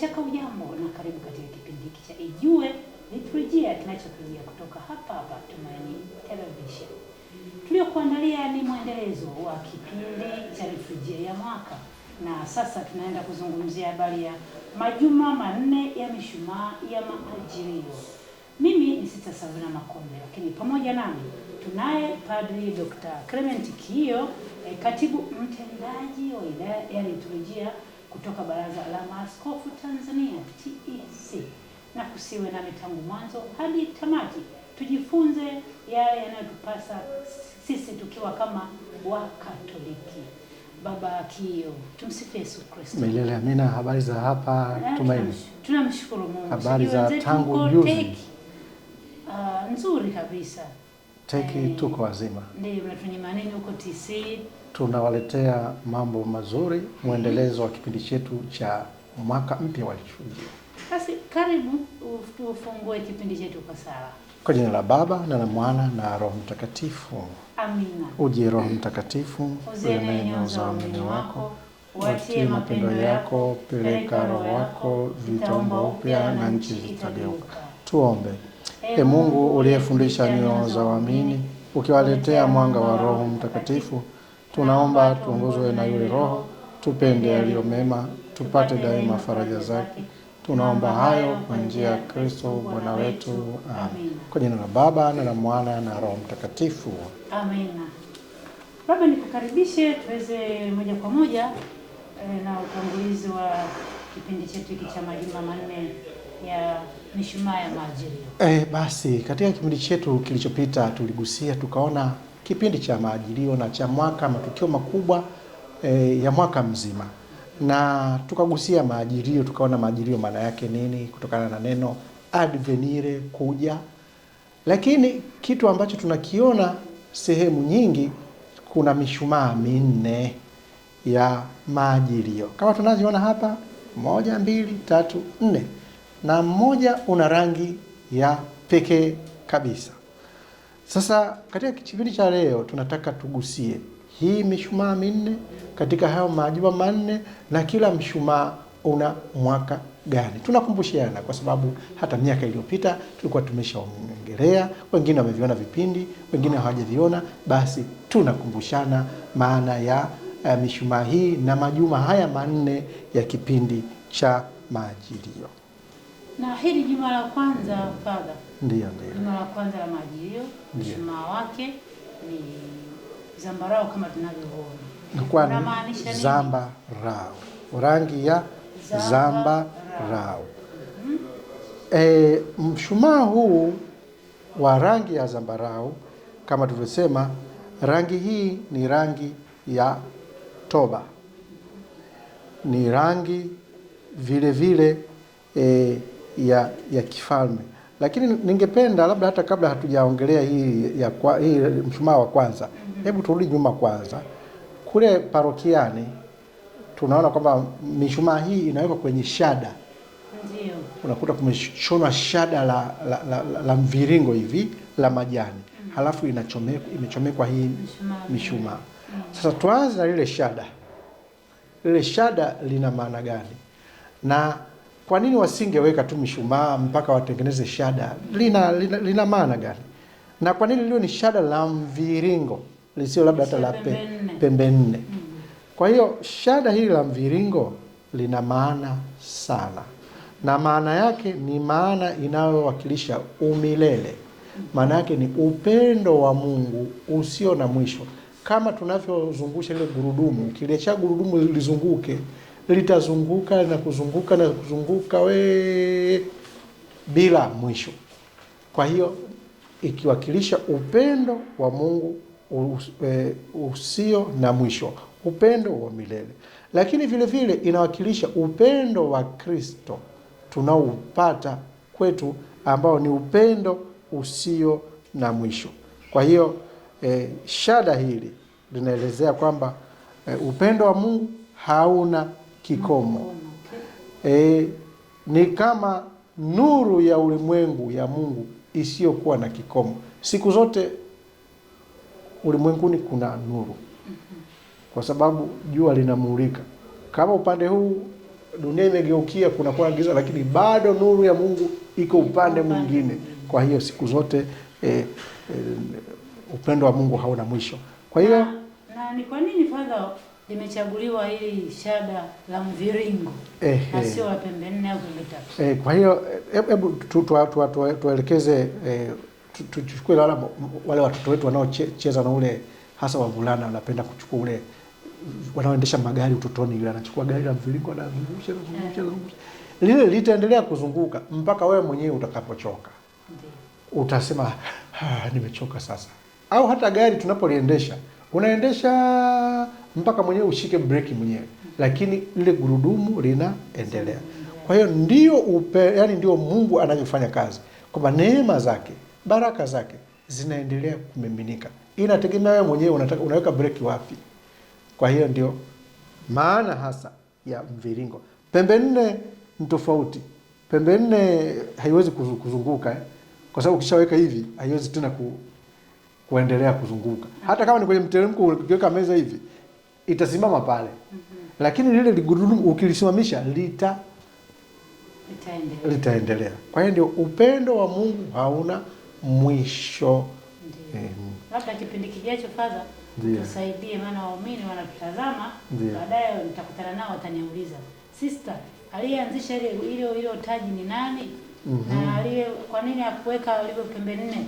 Bila shaka ujambo na karibu katika kipindi hiki cha Ijue Liturujia kinachokujia kutoka hapa hapa Tumaini Television. Tuliokuandalia ni mwendelezo wa kipindi cha liturujia ya mwaka, na sasa tunaenda kuzungumzia habari ya majuma manne ya mishumaa ya maajilio. Mimi ni Sita Savina Makombe, lakini pamoja nami tunaye Padri Dr. Clement Kiyo, eh, katibu mtendaji wa idara ya liturujia kutoka Baraza la Maaskofu Tanzania TEC, na kusiwe nami tangu mwanzo hadi tamati, tujifunze yale yanayotupasa sisi tukiwa kama Wakatoliki. Baba Akio, tumsifu Yesu Kristo. Milele amina. Habari za hapa Tumaini? Tunamshukuru Mungu. Habari za tangu juzi? Uh, nzuri kabisa. Teki, eh, tuko wazima. Ndio, mnatunyima nini huko TC? tunawaletea mambo mazuri, mwendelezo wa kipindi chetu cha mwaka mpya wa liturujia. Basi karibu ufungue kipindi chetu kwa sala. Kwa jina la Baba na la Mwana na Roho Mtakatifu, amina. Uje Roho Mtakatifu, za uzaamini wako, watie mapendo yako, peleka roho wako, vitaumba upya na nchi zitageuka. Tuombe. E Mungu uliyefundisha nyoyo za waamini, ukiwaletea mwanga wa Roho Mtakatifu Tunaomba tuongozwe na yule Roho, tupende yaliyo mema, tupate daima faraja zake. Tunaomba hayo kwa njia ya Kristo Bwana wetu, amen. Kwa jina la Baba na la Mwana na Roho Mtakatifu, amen. Baba, nikukaribishe tuweze moja kwa moja e, na utangulizi wa kipindi chetu hiki cha majuma manne ya mishumaa ya Maajilio. Eh, basi katika kipindi chetu kilichopita tuligusia tukaona kipindi cha maajilio na cha mwaka, matukio makubwa e, ya mwaka mzima, na tukagusia maajilio, tukaona maajilio maana yake nini kutokana na neno advenire, kuja. Lakini kitu ambacho tunakiona sehemu nyingi, kuna mishumaa minne ya maajilio kama tunavyoona hapa, moja, mbili, tatu, nne, na mmoja una rangi ya pekee kabisa. Sasa katika kipindi cha leo tunataka tugusie hii mishumaa minne katika hayo majuma manne, na kila mshumaa una mwaka gani. Tunakumbushiana kwa sababu hata miaka iliyopita tulikuwa tumeshaongelea, wengine wameviona vipindi, wengine hawajaviona. Basi tunakumbushana maana ya eh, mishumaa hii na majuma haya manne ya kipindi cha Majilio. Na hili juma la kwanza Father. Ndiyo, ndiyo. juma la kwanza la majilio, mshumaa wake ni zambarau kama tunavyoona, inamaanisha zambarau, rangi ya zambarau zamba mm -hmm. E, mshumaa huu wa rangi ya zambarau kama tulivyosema, rangi hii ni rangi ya toba, ni rangi vile vile e, ya ya kifalme, lakini ningependa labda hata kabla hatujaongelea hii ya kwa, hii mshumaa wa kwanza, hebu turudi nyuma kwanza kule parokiani tunaona kwamba mishumaa hii inawekwa kwenye shada. Ndiyo. Unakuta kumeshonwa shada la, la, la, la, la mviringo hivi la majani mm Halafu inachomekwa imechomekwa hii mishumaa mm Sasa tuanze na lile shada, lile shada lina maana gani? Na kwa nini wasingeweka tu mishumaa mpaka watengeneze shada? Lina, lina, lina maana gani? Na kwa nini liwe ni shada la mviringo lisio labda hata la pe, pembe nne? Mm. Kwa hiyo shada hili la mviringo lina maana sana, na maana yake ni maana inayowakilisha umilele. Maana yake ni upendo wa Mungu usio na mwisho, kama tunavyozungusha ile gurudumu, kile gurudumu lizunguke litazunguka na kuzunguka na kuzunguka we bila mwisho. Kwa hiyo ikiwakilisha upendo wa Mungu e, usio na mwisho, upendo wa milele. Lakini vile vile inawakilisha upendo wa Kristo tunaoupata kwetu, ambao ni upendo usio na mwisho. Kwa hiyo e, shada hili linaelezea kwamba e, upendo wa Mungu hauna kikomo. E, ni kama nuru ya ulimwengu ya Mungu isiyokuwa na kikomo. Siku zote ulimwenguni kuna nuru, kwa sababu jua linamulika. Kama upande huu dunia imegeukia, kunakuwa giza, lakini bado nuru ya Mungu iko upande mwingine. Kwa hiyo siku zote e, e, upendo wa Mungu hauna mwisho. Kwa hiyo na, na, ni kwa nini fadha limechaguliwa hili shada la mviringo eh, na sio la pembe nne au pembe tatu eh. Kwa hiyo eh, hebu tuelekeze eh, tuchukue wale watoto wetu wanaocheza na ule hasa wavulana wanapenda kuchukua ule wanaoendesha magari utotoni, yule anachukua gari la mviringo anazungusha anazungusha anazungusha, lile litaendelea kuzunguka mpaka wewe mwenyewe utakapochoka, utasema ah, nimechoka sasa. Au hata gari tunapoliendesha unaendesha mpaka mwenyewe ushike breki mwenyewe, lakini lile gurudumu linaendelea. Kwa hiyo ndio upe, yani ndio Mungu anavyofanya kazi kwamba neema zake, baraka zake zinaendelea kumiminika. Inategemea wewe mwenyewe unataka unaweka breki wapi. Kwa hiyo ndio maana hasa ya mviringo. Pembe nne ni tofauti. Pembe nne haiwezi kuzunguka eh? Kwa sababu ukishaweka hivi haiwezi tena ku, kuendelea kuzunguka. Hata kama ni kwenye mteremko ukiweka meza hivi itasimama pale mm -hmm. Lakini lile ligurudumu ukilisimamisha lita litaendelea. Kwa hiyo ndio upendo wa Mungu hauna mwisho. Eh. Labda kipindi kijacho fadha tusaidie, maana waumini wanatutazama, baadaye nitakutana nao wataniuliza, sister, aliyeanzisha ile ile taji ni nani? mm -hmm. na aliye kwa nini hakuweka alivyo pembe nne?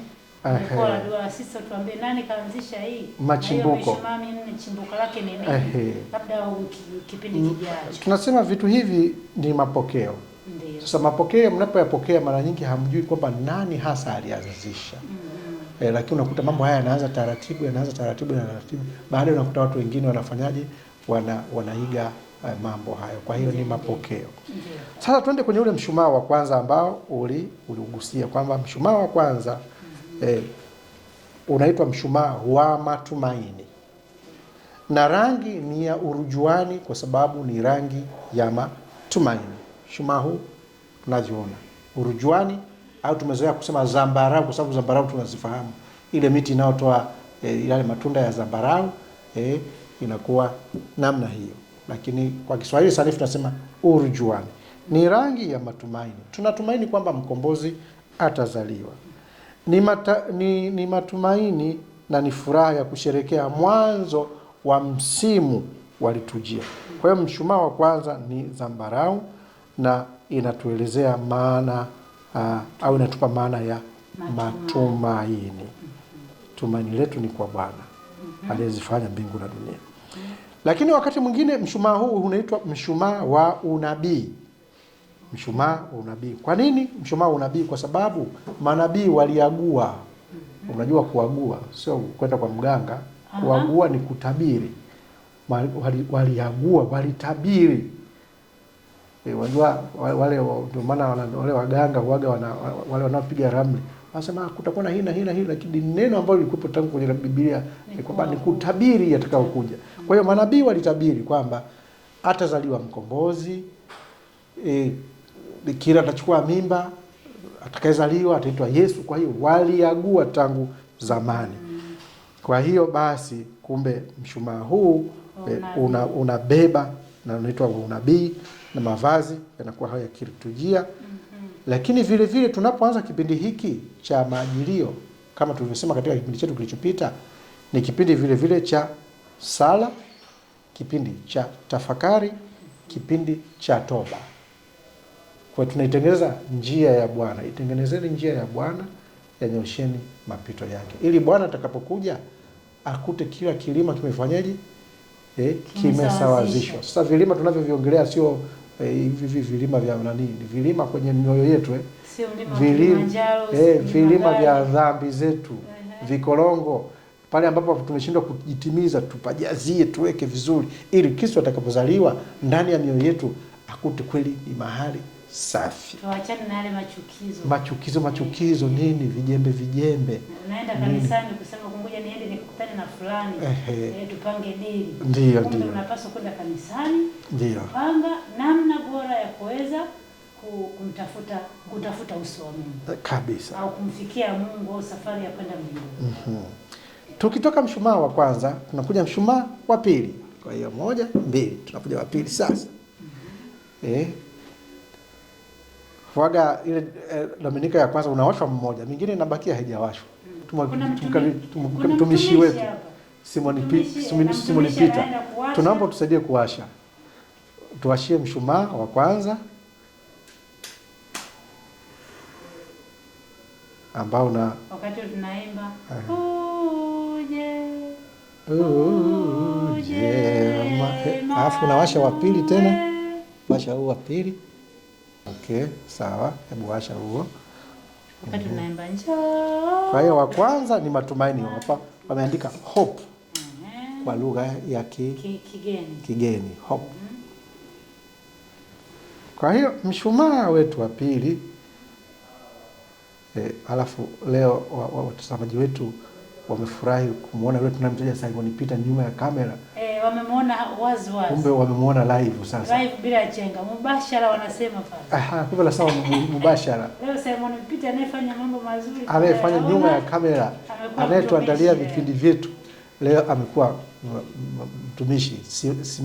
sisi tuambie nani kaanzisha hii machimbuko, chimbuko lake ni nini? Labda kipindi mm, kijacho. Tunasema vitu hivi ni mapokeo. Ndiyo. Sasa mapokeo mnapoyapokea mara nyingi hamjui kwamba nani hasa alianzisha. E, lakini unakuta mambo haya yanaanza taratibu yanaanza taratibu na taratibu, baadaye unakuta watu wengine wanafanyaje, wana wanaiga uh, mambo hayo. Kwa hiyo ni mapokeo. Sasa tuende kwenye ule mshumaa wa kwanza ambao uli uliugusia kwamba mshumaa wa kwanza eh, unaitwa mshumaa wa matumaini, na rangi ni ya urujuani kwa sababu ni rangi ya matumaini. Mshumaa huu tunavyoona urujuani, au tumezoea kusema zambarau, kwa sababu zambarau tunazifahamu, ile miti inayotoa eh, yale matunda ya zambarau eh, inakuwa namna hiyo, lakini kwa Kiswahili sanifu tunasema urujuani ni rangi ya matumaini. Tunatumaini kwamba mkombozi atazaliwa. Ni, mata, ni, ni matumaini na ni furaha ya kusherekea mwanzo wa msimu wa liturujia. Kwa hiyo mshumaa wa kwanza ni zambarau na inatuelezea maana uh, au inatupa maana ya matumaini. Tumaini letu ni kwa Bwana aliyezifanya mbingu na dunia. Lakini wakati mwingine mshumaa huu unaitwa mshumaa wa unabii mshumaa wa unabii. Kwa nini mshumaa wa unabii? Kwa sababu manabii waliagua. Unajua kuagua sio kwenda kwa mganga. Kuagua ni kutabiri. Waliagua, walitabiri. E, unajua wale ndio maana wale waganga huaga wana, wale wanaopiga ramli wanasema ah, kutakuwa na hii na hii na hii, lakini neno ambalo lilikuwepo tangu kwenye Biblia ni kwamba ni kutabiri yatakayokuja. Kwa hiyo manabii walitabiri kwamba atazaliwa mkombozi e, kila atachukua mimba, atakayezaliwa ataitwa Yesu. Kwa hiyo waliagua tangu zamani. Kwa hiyo basi, kumbe mshumaa huu eh, una, unabeba na unaitwa unabii na mavazi yanakuwa hayo ya kiliturujia mm -hmm. Lakini vile vile tunapoanza kipindi hiki cha Majilio, kama tulivyosema katika kipindi chetu kilichopita, ni kipindi vile vile cha sala, kipindi cha tafakari, kipindi cha toba. Kwa tunaitengeneza njia ya Bwana, itengenezeni njia ya Bwana, yanyosheni mapito yake, ili Bwana atakapokuja akute kila kilima kimefanyaje? Eh, kimesawazishwa. Sasa vilima tunavyoviongelea sio eh, hivi eh, vilima vya nani, vilima kwenye mioyo yetu eh. Sio mlima vilima, eh, vilima vya dhambi zetu uh -huh. Vikorongo pale ambapo tumeshindwa kujitimiza, tupajazie, tuweke vizuri, ili Kristo atakapozaliwa ndani ya mioyo yetu akute kweli ni mahali safi. Tuachane na yale machukizo. Machukizo, machukizo nini? Vijembe, vijembe. naenda kanisani kusema kungoja niende nikukutane na fulani. Eh, tupange dini. Ndio, ndio. Unapaswa kwenda kanisani. Ndio. Panga namna bora ya kuweza kumtafuta kutafuta uso wa Mungu. Eh, kabisa. Au kumfikia Mungu au safari ya kwenda mbinguni. Mhm. Mm, tukitoka mshumaa wa kwanza tunakuja mshumaa wa pili. Kwa hiyo moja, mbili, tunakuja wa pili sasa. Mm -hmm. Eh, waga ile eh, Dominika ya kwanza unawashwa mmoja, mingine inabakia haijawashwa. Mtumishi wetu Simoni Pita, tunaomba tusaidie kuwasha, tuwashie mshumaa wa kwanza ambao na wakati tunaimba uje uje, alafu unawasha wa pili tena, washa huu wa pili Okay, sawa, hebu washa huo. Wakati mhm. Kwa hiyo wa kwanza ni matumaini, hapa wameandika hope mhm. kwa lugha ya ki, ki, kigeni, kigeni hope. Mm -hmm. Kwa hiyo mshumaa wetu wa pili eh, alafu leo watazamaji wa, wa, wetu wamefurahi kumwona yule tunamtaja Simon Peter nyuma ya kamera eh, wamemwona wazi wazi, kumbe wamemwona live sasa, live bila chenga, mubashara wanasema pale. Aha, kumbe la sawa, mubashara leo Simon Peter anayefanya mambo mazuri, anayefanya nyuma ya kamera, anayetuandalia vipindi vyetu leo amekuwa mtumishi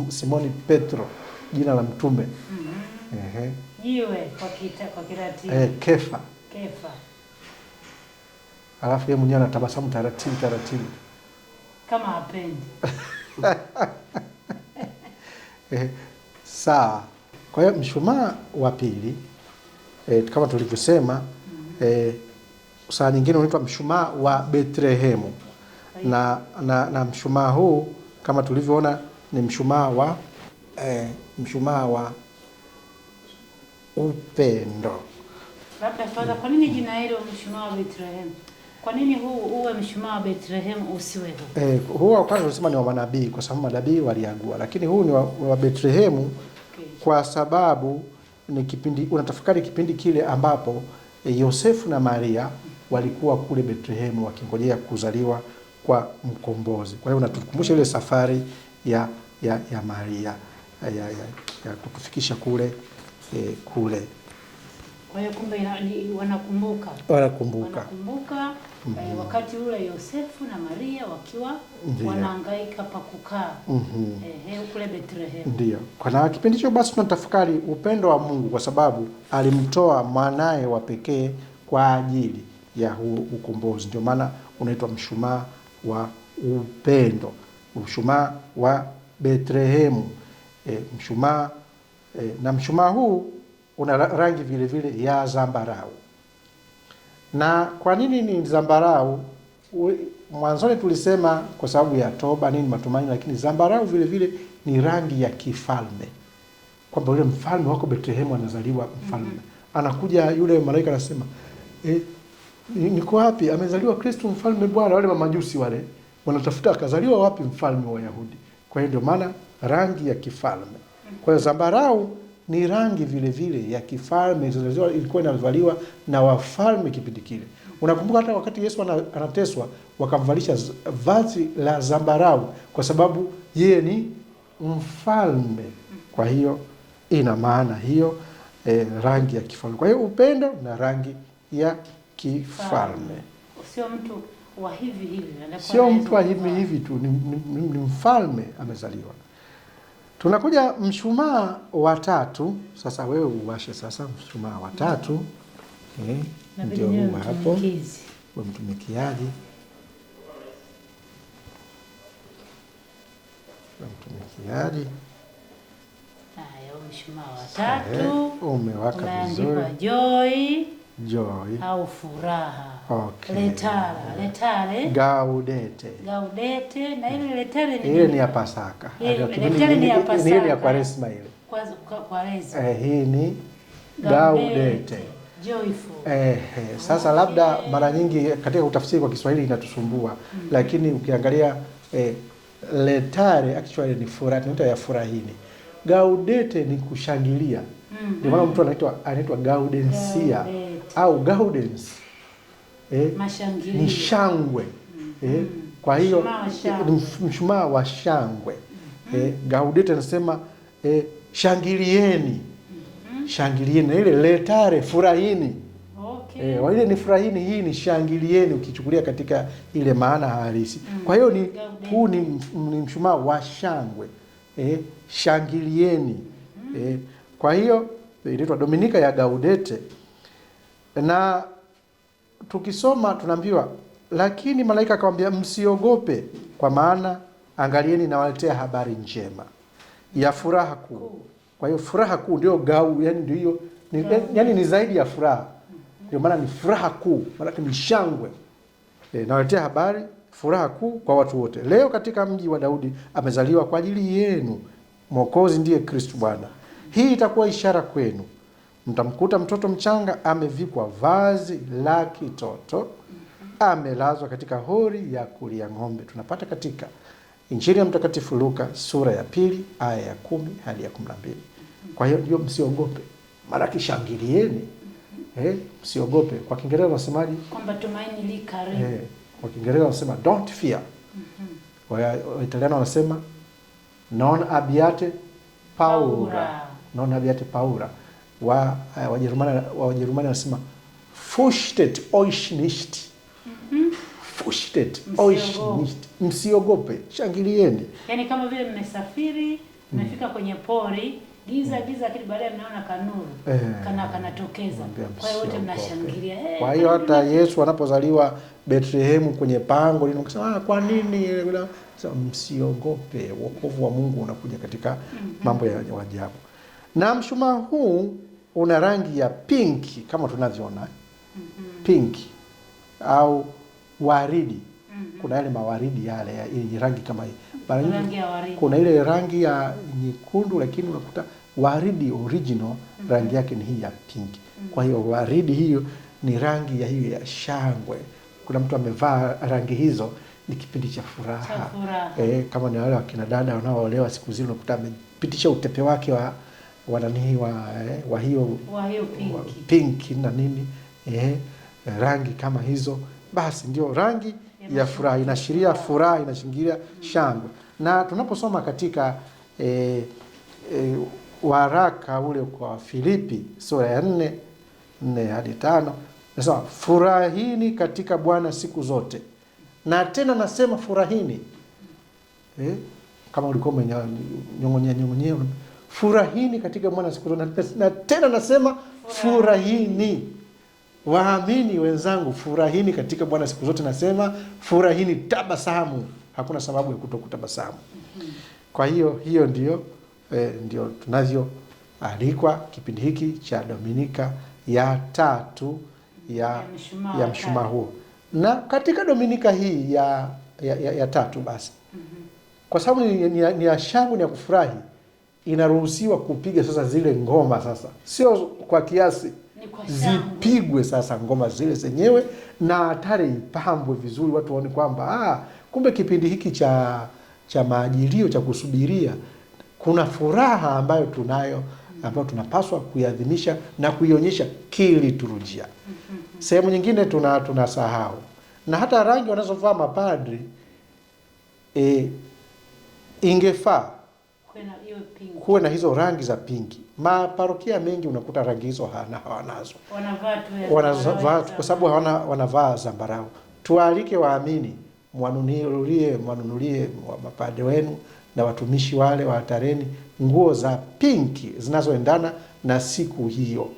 Simoni Petro, jina la mtume mm -hmm. Ehe, jiwe kwa kita, kwa kirati eh, Kefa Kefa alafu yeye mwenyewe anatabasamu taratibu taratibu kama apendi. Eh, sawa. Kwa hiyo mshumaa wa pili eh, kama tulivyosema mm -hmm. eh, saa nyingine unaitwa mshumaa wa Betlehemu na, na, na mshumaa huu kama tulivyoona ni mshumaa wa eh, mshumaa wa upendo. Labda fadha, kwa nini jina hilo mshumaa wa Betlehemu? Kwa nini huu uwe mshumaa wa Bethlehem usiwe huu? Eh, huu wa kwanza unasema ni wa manabii kwa sababu manabii waliagua, lakini huu ni wa, wa Bethlehem okay. Kwa sababu ni kipindi unatafakari kipindi kile ambapo eh, Yosefu na Maria walikuwa kule Bethlehem wakingojea kuzaliwa kwa mkombozi. Kwa hiyo unatukumbusha ile safari ya ya, ya Maria ya, ya, ya kutufikisha kule eh, kule kwa hiyo kumbe wanakumbuka wanakumbuka wanakumbuka mm -hmm. wakati ule Yosefu na Maria wakiwa Ndiyo. wanahangaika pa kukaa mm -hmm. eh, kule Bethlehemu. Ndio. Kwa kipindi hicho basi tunatafakari upendo wa Mungu kwa sababu alimtoa mwanaye wa pekee kwa ajili ya huu ukombozi. Ndio maana unaitwa mshumaa wa upendo, mshumaa wa Bethlehemu. E, eh, mshumaa e, na mshumaa huu una rangi vile vile ya zambarau. Na kwa nini ni zambarau? Mwanzoni tulisema kwa sababu ya toba nini, matumaini, lakini zambarau vile vile ni rangi ya kifalme, kwamba yule mfalme wako Betlehemu anazaliwa mfalme. mm -hmm. Anakuja yule malaika anasema eh, niko wapi? Amezaliwa Kristo mfalme Bwana. Wale mamajusi wale wanatafuta akazaliwa wapi mfalme wa Wayahudi. Kwa hiyo ndio maana rangi ya kifalme. Kwa hiyo zambarau ni rangi vile vile ya kifalme ilikuwa inavaliwa na wafalme kipindi kile. Unakumbuka hata wakati Yesu anateswa wakamvalisha vazi la zambarau kwa sababu yeye ni mfalme. Kwa hiyo ina maana hiyo e, rangi ya kifalme. Kwa hiyo upendo na rangi ya kifalme, sio mtu wa hivi hivi, sio mtu wa hivi hivi tu, ni, ni, ni mfalme amezaliwa. Tunakuja mshumaa wa tatu. Sasa wewe uwashe sasa mshumaa wa tatu, okay. Eh, ndio huu hapo, we mtumikiaji, we mtumikiaji, haya mshumaa wa tatu umewaka vizuri joy au furaha. Okay. Letara, letare, gaudete, gaudete na ile letare ni ile ni ya Pasaka. Ile ni ya Pasaka. Ile ni ya Kwaresma ile. Kwa Kwaresma. Eh, hii ni gaudete. Joyful. Eh, eh, sasa okay. labda mara nyingi katika utafsiri kwa Kiswahili inatusumbua mm. Lakini ukiangalia eh, letare actually ni furaha, tunaita ya furahini. Gaudete ni kushangilia. Hmm, Ndio maana mm -hmm. Mtu anaitwa anaitwa gaudensia. Gaude au gaudens eh, ni shangwe eh, mm. kwa hiyo mshumaa wa shangwe mm. eh, gaudete anasema eh, shangilieni mm-hmm. shangilieni, ile letare furahini okay. Eh, waile ni furahini, hii ni shangilieni, ukichukulia katika ile maana halisi mm. Kwa hiyo ni huu ni, ni mshumaa wa shangwe eh, shangilieni mm. Eh, kwa hiyo inaitwa Dominika ya Gaudete na tukisoma tunaambiwa, lakini malaika akamwambia, msiogope, kwa maana angalieni, nawaletea habari njema ya furaha kuu. Kwa hiyo furaha kuu ndio gau, yani ndio hiyo, yani ni zaidi ya furaha, ndio maana ni furaha kuu, maana ni shangwe e, nawaletea habari furaha kuu kwa watu wote. Leo katika mji wa Daudi amezaliwa kwa ajili yenu Mwokozi, ndiye Kristo Bwana. Hii itakuwa ishara kwenu mtamkuta mtoto mchanga amevikwa vazi la kitoto, amelazwa katika hori ya kulia ng'ombe. Tunapata katika Injili ya Mtakatifu Luka sura ya pili aya ya kumi hadi ya kumi na mbili. Kwa hiyo ndio, msiogope, maanake shangilieni, eh, msiogope. Kwa Kiingereza wanasemaje? Kwamba tumaini li karibu. Eh, kwa Kiingereza wanasema don't fear. Mm-hmm. Waitaliano wanasema non abbiate paura, non abbiate paura wa eh, Wajerumani wa Wajerumani wanasema fushtet euch nicht. Mhm. Fushtet euch nicht, msiogope, shangilieni. Yani kama vile mmesafiri mm. mmefika kwenye pori giza mm. giza, lakini baadaye mnaona kanuru eh. kana kanatokeza, kwa hiyo wote mnashangilia. Eh, kwa hiyo hata Yesu anapozaliwa Betlehemu kwenye pango lino, ukasema ah, kwa nini? Sasa msiogope, wokovu wa Mungu unakuja katika mhm. mambo ya wajabu Na mshumaa huu una rangi ya pinki kama tunavyoona mm -hmm. pinki au waridi mm -hmm. kuna yale mawaridi yale yenye rangi kama hii rangi ya waridi. Kuna ile rangi ya nyekundu lakini unakuta waridi original mm -hmm. rangi yake ni hii ya pinki mm -hmm. kwa hiyo waridi hiyo ni rangi ya hiyo ya shangwe. Kuna mtu amevaa rangi hizo ni kipindi cha furaha, cha furaha. E, kama ni wale wakina dada wanaoolewa siku zile unakuta amepitisha utepe wake wa wananii wa, eh, wa hiyo pinki na nini eh, rangi kama hizo, basi ndio rangi ya furaha, inaashiria furaha, inashingilia shangwe. Na tunaposoma katika eh, eh, waraka ule kwa Filipi sura ya nne nne hadi tano nasema furahini katika Bwana siku zote, na tena nasema furahini eh, kama ulikuwa nyong'onyea nyong'onyea furahini katika Bwana siku zote. Na tena nasema furahini, waamini wenzangu, furahini katika Bwana siku zote. Nasema furahini, tabasamu, hakuna sababu ya kutokutabasamu. Kwa hiyo hiyo ndio eh, ndio tunavyoalikwa kipindi hiki cha Dominika ya tatu ya ya mshumaa huo, na katika Dominika hii ya, ya, ya, ya tatu basi, mm-hmm. kwa sababu ni, ni, ni ya shangwe ni ya kufurahi inaruhusiwa kupiga sasa zile ngoma sasa, sio kwa kiasi, zipigwe sasa ngoma zile zenyewe na hatari ipambwe vizuri, watu waone kwamba ah, kumbe kipindi hiki cha cha maajilio cha kusubiria kuna furaha ambayo tunayo ambayo tunapaswa kuiadhimisha na kuionyesha kiliturujia. Sehemu nyingine tuna tunasahau na hata rangi wanazovaa mapadri e, ingefaa kuwe na hizo rangi za pinki. Maparokia mengi unakuta rangi hizo hawanazo, wanavaa kwa sababu hawana, wanavaa zambarau. Tuwaalike waamini, mwanunulie mwanunulie mapade wenu na watumishi wale wa hatareni nguo za pinki zinazoendana na siku hiyo,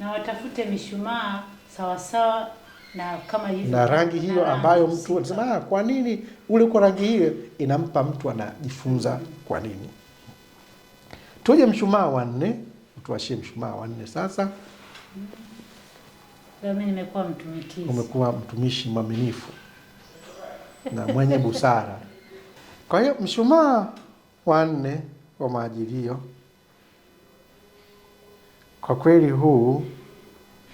na watafute mishumaa sawasawa na, kama na rangi hiyo na ambayo mtu anasema ah, kwa nini ule uko rangi hiyo, inampa mtu anajifunza kwa nini. Tuje mshumaa wa nne, tuwashie mshumaa wa nne sasa. Mimi nimekuwa mtumishi. Umekuwa mtumishi mwaminifu na mwenye busara. Kwa hiyo mshumaa wa nne wa maajilio, kwa kweli huu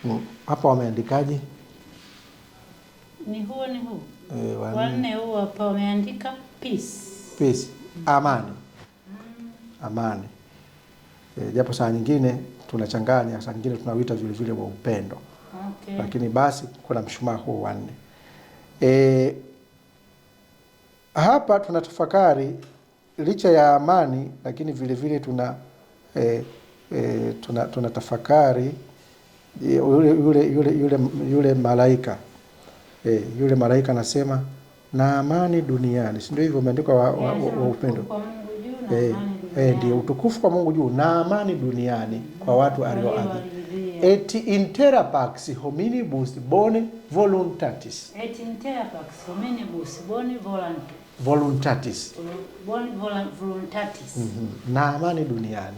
hmm, hapa wameandikaje? ni huo ni huo e, wanne huo hapa wameandika peace peace, amani mm. amani e, japo saa nyingine tunachanganya, saa nyingine tunawita vile vile wa upendo okay. Lakini basi kuna mshumaa huo wanne e, eh, hapa tunatafakari licha ya amani, lakini vile vile tuna e, e, tuna, tuna tafakari yule, yule, yule, yule malaika E, yule malaika anasema na amani duniani, si ndio hivyo imeandikwa wa, wa, wa upendo eh, e, ndio utukufu kwa Mungu juu na amani duniani kwa watu alioadhi et intera pax hominibus bone voluntatis et intera pax hominibus bone voluntatis bone voluntatis mm -hmm. na amani duniani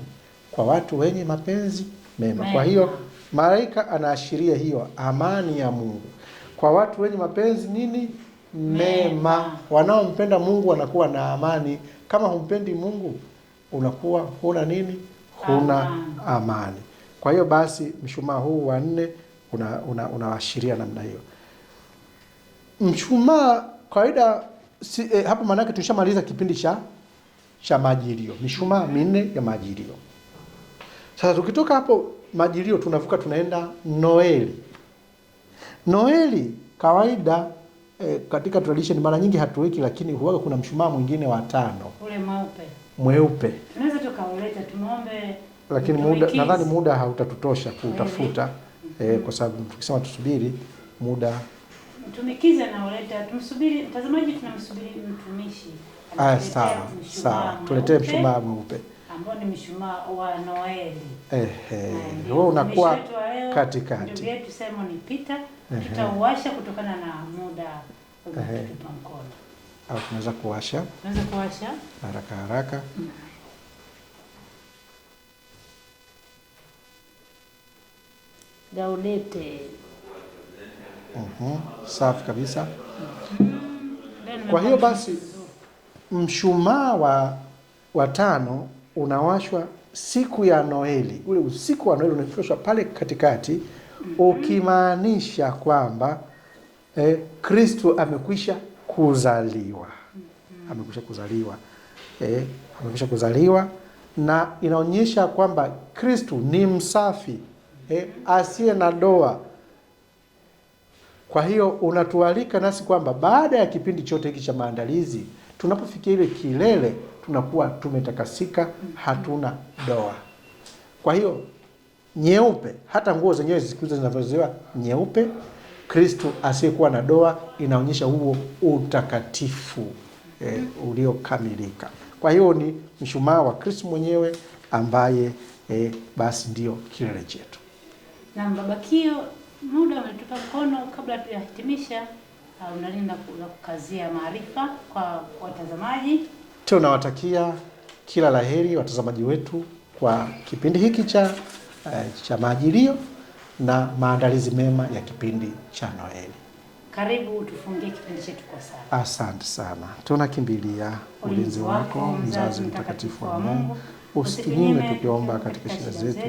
kwa watu wenye mapenzi mema, mema. Kwa hiyo malaika anaashiria hiyo amani ya Mungu kwa watu wenye mapenzi nini mema, wanaompenda Mungu wanakuwa na amani. Kama humpendi Mungu unakuwa huna nini, huna amani. Kwa hiyo basi mshumaa huu wa nne unaashiria una, una namna hiyo. Mshumaa kawaida si, eh, hapo maana yake tushamaliza kipindi cha cha majilio, mishumaa minne ya majilio. Sasa tukitoka hapo majilio, tunavuka tunaenda Noeli. Noeli kawaida e, katika tradition mara nyingi hatuweki, lakini huwa kuna mshumaa mwingine wa tano ule mweupe mweupe, tunaweza tukauleta tuombe, lakini muda nadhani muda hautatutosha kutafuta e, kwa sababu tukisema tusubiri muda na anaoleta, tumsubiri mtazamaji, tunamsubiri mtumishi. Ah, sawa sawa, tuletee mshumaa mweupe ambao ni mshumaa wa Noeli. Ehe, wewe unakuwa katikati. Ndugu yetu Simon Peter tutauwasha kutokana na muda umetupa mkono, au tunaweza kuwasha, tunaweza kuwasha haraka haraka mm. Gaudete. Uhum, safi kabisa. Mhm. Kwa hiyo basi mshumaa wa watano unawashwa siku ya Noeli, ule usiku wa Noeli unafushwa pale katikati, ukimaanisha kwamba eh, Kristu amekwisha kuzaliwa, amekwisha kuzaliwa eh, amekwisha kuzaliwa na inaonyesha kwamba kristu ni msafi eh, asiye na doa. Kwa hiyo unatualika nasi kwamba baada ya kipindi chote hiki cha maandalizi, tunapofikia ile kilele tunakuwa tumetakasika, hatuna doa. Kwa hiyo nyeupe, hata nguo zenyewe siku hizo zinavyoziwa nyeupe, Kristo asiyekuwa na doa, inaonyesha huo utakatifu e, uliokamilika. Kwa hiyo ni mshumaa wa Kristo mwenyewe ambaye e, basi ndio kilele chetu. Na Baba Kio, muda umetupa mkono, kabla tujahitimisha, uh, unalinda kukazia maarifa kwa watazamaji tunawatakia kila laheri watazamaji wetu kwa kipindi hiki cha, uh, cha maajilio na maandalizi mema ya kipindi cha Noeli. Karibu tufungie kipindi chetu kwa sala. Asante sana, tunakimbilia ulinzi wako mzazi mtakatifu wa Mungu, usitunyime tukiomba katika shida zetu,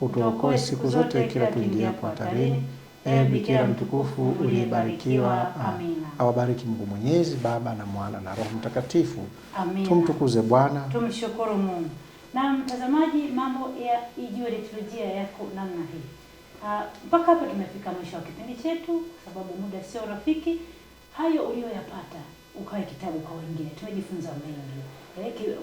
utuokoe siku zote kila tuingia kwa hatarini Ee Bikira mtukufu uliyebarikiwa. Amina. Awabariki Mungu Mwenyezi, Baba na Mwana na Roho Mtakatifu. Amina. Tumtukuze Bwana, tumshukuru Mungu. Na mtazamaji, mambo ya Ijue Liturujia yako namna hii. Ah, mpaka hapa tumefika mwisho wa kipindi chetu, kwa sababu muda sio rafiki. Hayo uliyoyapata ukawe kitabu kwa wengine, tumejifunza mengi,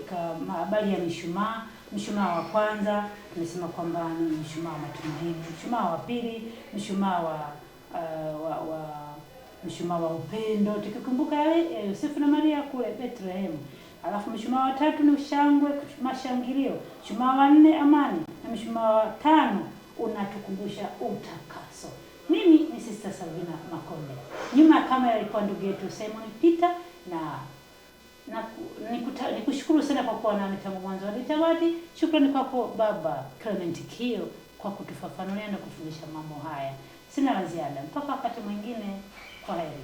habari ya mishumaa Mshumaa wa kwanza tumesema kwamba ni mshumaa wa matumaini, mshumaa wa pili mshumaa wa, uh, wa, wa mshumaa wa upendo, tukikumbuka ya eh, Yosefu na Maria kule Bethlehem. Alafu mshumaa wa tatu ni ushangwe, mashangilio. Mshumaa wa nne amani, na mshumaa wa tano unatukumbusha utakaso. Mimi ni Sister Salvina Makonde, nyuma ya kamera ndugu yetu Simon Peter na na nikushukuru sana kwa kuwa nami tangu mwanzo wa Littawadi. Shukrani kwako Baba Clement Kio kwa kutufafanulia na kufundisha mambo haya. Sina la ziada mpaka wakati mwingine, kwa heri.